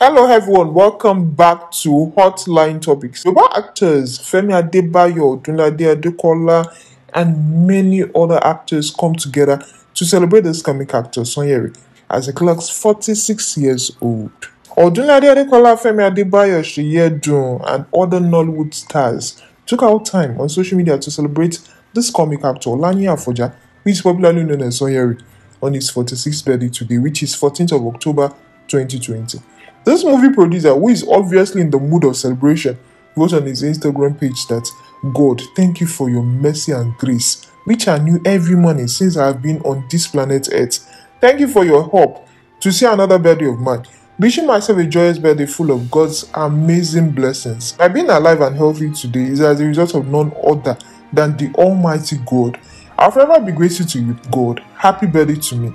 Hello everyone, welcome back to Hotline Topics. Yoruba actors Femi Adebayo, Dunlade Adekola and many other actors come together to celebrate this comic actor Sonyeri as he clocks 46 years old. Odunlade Adekola, Femi Adebayo, Shiyedun, and other Nollywood stars took out time on social media to celebrate this comic actor Lani Afoja, who is popularly known as Sonyeri, on his 46th birthday today, which is 14th of October 2020. This movie producer, who is obviously in the mood of celebration, wrote on his Instagram page that God, thank you for your mercy and grace, which I knew every morning since I have been on this planet Earth. Thank you for your help to see another birthday of mine. Wishing myself a joyous birthday full of God's amazing blessings. My being alive and healthy today is as a result of none other than the Almighty God. I'll forever be grateful to you, God. Happy birthday to me.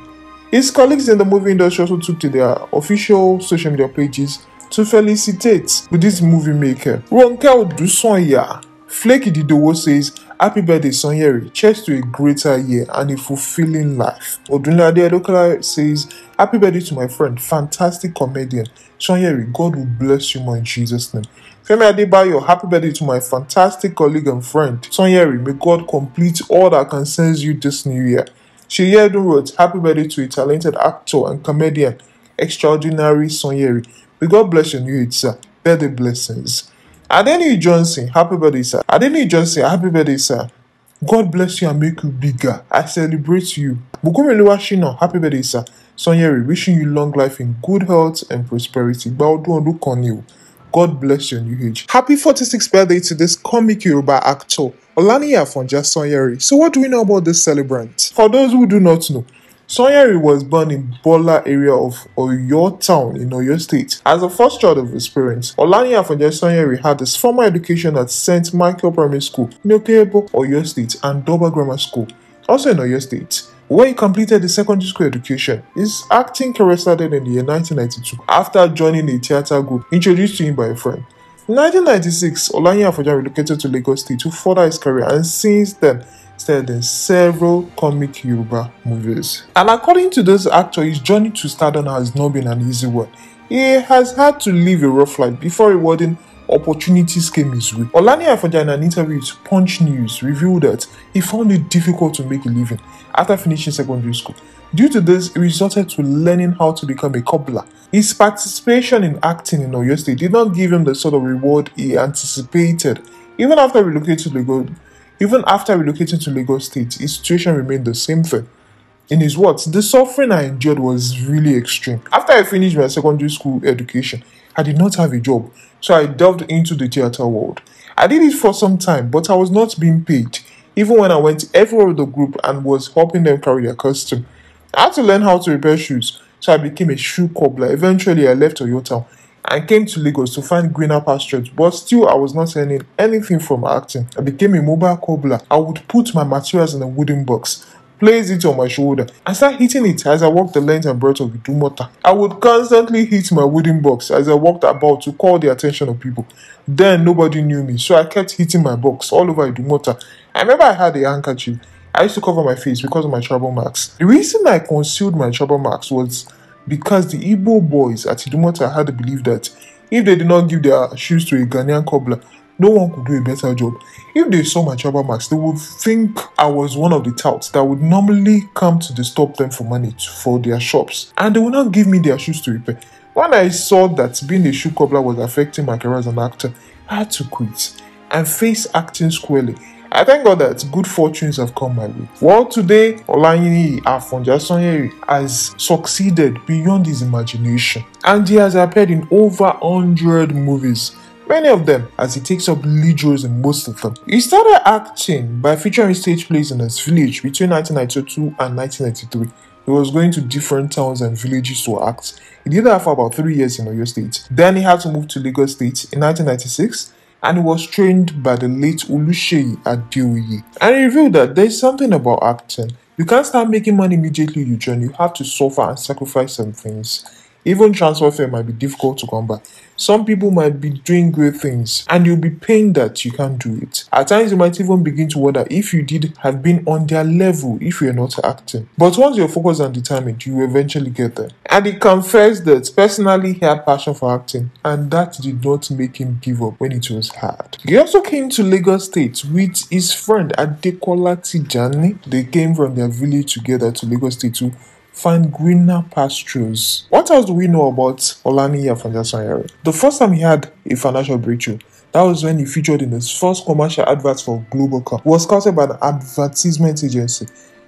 His colleagues in the movie industry also took to their official social media pages to felicitate this movie maker. Ronke Odusanya, Flake Dido says, Happy birthday, Sonyeri. Cheers to a greater year and a fulfilling life. Odunade Adokala says, Happy birthday to my friend, fantastic comedian. Sonyeri, God will bless you more in Jesus' name. Femi Adebayo, happy birthday to my fantastic colleague and friend. Sonyeri, may God complete all that concerns you this new year. Shinyedo wrote, Happy birthday to a talented actor and comedian, extraordinary Sonyeri. May God bless you, new sir. Birthday blessings. Adeni Johnson, happy birthday, sir. Adeni Johnson, happy birthday, sir. God bless you and make you bigger. I celebrate you. Bukumelewa Shina, happy birthday, sir. Sonyeri, wishing you long life in good health and prosperity. look on you. God bless your new age. Happy 46th birthday to this comic Yoruba actor, from Afonja Yeri. So what do we know about this celebrant? For those who do not know, Sanyeri was born in Bola area of Oyo town in Oyo state. As a first child of his parents, Olaniyi Afonja Sanyeri had his formal education at St. Michael Primary School in Okebo, Oyo state and Doba Grammar School, also in Oyo state when he completed his secondary school education. His acting career started in the year 1992 after joining a theatre group introduced to him by a friend. In 1996, Olanya Afoja relocated to Lagos State to further his career and since then starred in several comic Yoruba movies. And according to this actor, his journey to stardom has not been an easy one. He has had to live a rough life before rewarding opportunities came his way. Olani Afoja in an interview with Punch News revealed that he found it difficult to make a living after finishing secondary school. Due to this, he resorted to learning how to become a cobbler. His participation in acting in Oyo State did not give him the sort of reward he anticipated. Even after relocating to Lagos, even after relocating to Lagos State, his situation remained the same thing. In his words, the suffering I endured was really extreme. After I finished my secondary school education, I did not have a job, so I delved into the theater world. I did it for some time, but I was not being paid, even when I went everywhere with the group and was helping them carry their costume. I had to learn how to repair shoes, so I became a shoe cobbler. Eventually, I left Toyota and came to Lagos to find greener pastures, but still I was not earning anything from acting. I became a mobile cobbler. I would put my materials in a wooden box placed it on my shoulder. and I started hitting it as I walked the length and breadth of Idumota. I would constantly hit my wooden box as I walked about to call the attention of people. Then nobody knew me, so I kept hitting my box all over Idumota. I remember I had a handkerchief. I used to cover my face because of my trouble marks. The reason I concealed my trouble marks was because the Igbo boys at Idumota had the belief that if they did not give their shoes to a Ghanaian cobbler, no one could do a better job. If they saw my travel marks, they would think I was one of the touts that would normally come to disturb them for money to, for their shops, and they would not give me their shoes to repair. When I saw that being a shoe cobbler was affecting my career as an actor, I had to quit and face acting squarely. I thank God that good fortunes have come my way. Well, today, Olayini Afonjasonyeri has succeeded beyond his imagination and he has appeared in over 100 movies many of them, as he takes up lead roles in most of them. He started acting by featuring stage plays in his village between 1992 and 1993. He was going to different towns and villages to act. He did that for about three years in Oyo State. Then he had to move to Lagos State in 1996 and he was trained by the late at Adeoye. And he revealed that there's something about acting. You can't start making money immediately you join, you have to suffer and sacrifice some things. Even transfer fare might be difficult to come by. Some people might be doing great things and you'll be pained that you can't do it. At times, you might even begin to wonder if you did have been on their level if you're not acting. But once you're focused and determined, you eventually get there. And he confessed that personally he had passion for acting and that did not make him give up when it was hard. He also came to Lagos State with his friend Adekola Tijani. They came from their village together to Lagos State to find greener pastures. What else do we know about Olani Afanjasanyari? The first time he had a financial breakthrough, that was when he featured in his first commercial advert for Global Cup. He was scouted by an advertisement agency.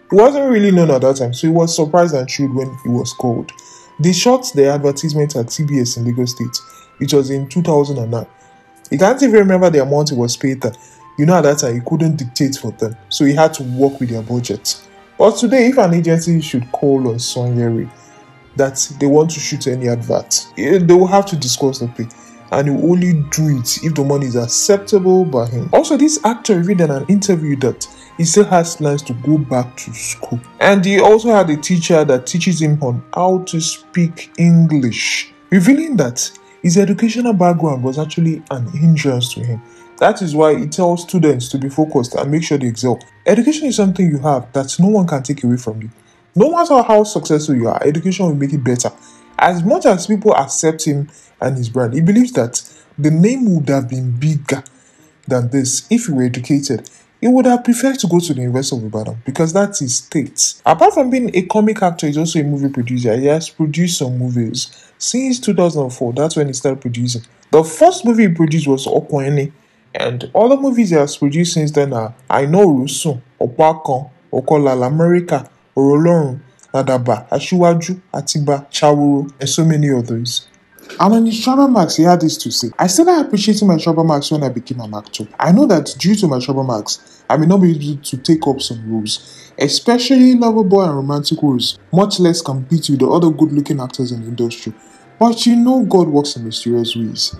He wasn't really known at that time, so he was surprised and thrilled when he was called. They shot the advertisement at TBS in Lagos State, which was in 2009. He can't even remember the amount he was paid You know, at that time, he couldn't dictate for them, so he had to work with their budget. But today, if an agency should call on Sonyeri that they want to shoot any advert, eh, they will have to discuss the pay and he will only do it if the money is acceptable by him. Also, this actor revealed in an interview that he still has plans to go back to school. And he also had a teacher that teaches him on how to speak English, revealing that his educational background was actually an hindrance to him that is why it tells students to be focused and make sure they excel. Education is something you have that no one can take away from you. No matter how successful you are, education will make it better. As much as people accept him and his brand, he believes that the name would have been bigger than this if he were educated. He would have preferred to go to the University of Ibadan because that's his state. Apart from being a comic actor, he's also a movie producer. He has produced some movies since 2004. That's when he started producing. The first movie he produced was Okwene, and other movies he has produced since then are Know Sun, Opakan, Okolala America, Orolorun, Nadaba, Ashiwaju, Atiba, Chawuru, and so many others. And on his trouble marks, he had this to say I started appreciating my trouble marks when I became an actor. I know that due to my trouble marks, I may not be able to take up some roles, especially lovable and romantic roles, much less compete with the other good looking actors in the industry. But you know, God works in mysterious ways.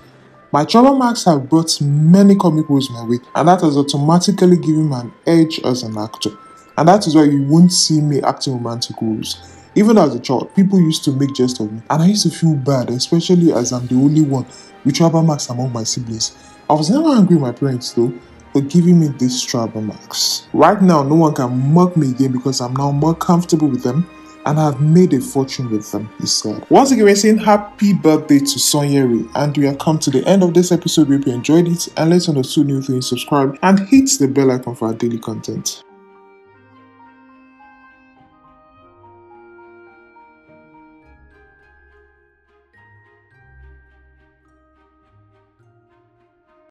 My Trouble marks have brought many comic roles my way, and that has automatically given me an edge as an actor. And that is why you won't see me acting romantic roles. Even as a child, people used to make jest of me, and I used to feel bad, especially as I'm the only one with Trouble marks among my siblings. I was never angry with my parents though for giving me these Trouble marks. Right now, no one can mock me again because I'm now more comfortable with them and have made a fortune with them, he said. Once again, we're saying happy birthday to Sonyeri, and we have come to the end of this episode. We hope you enjoyed it and let us know two new things. Subscribe and hit the bell icon for our daily content.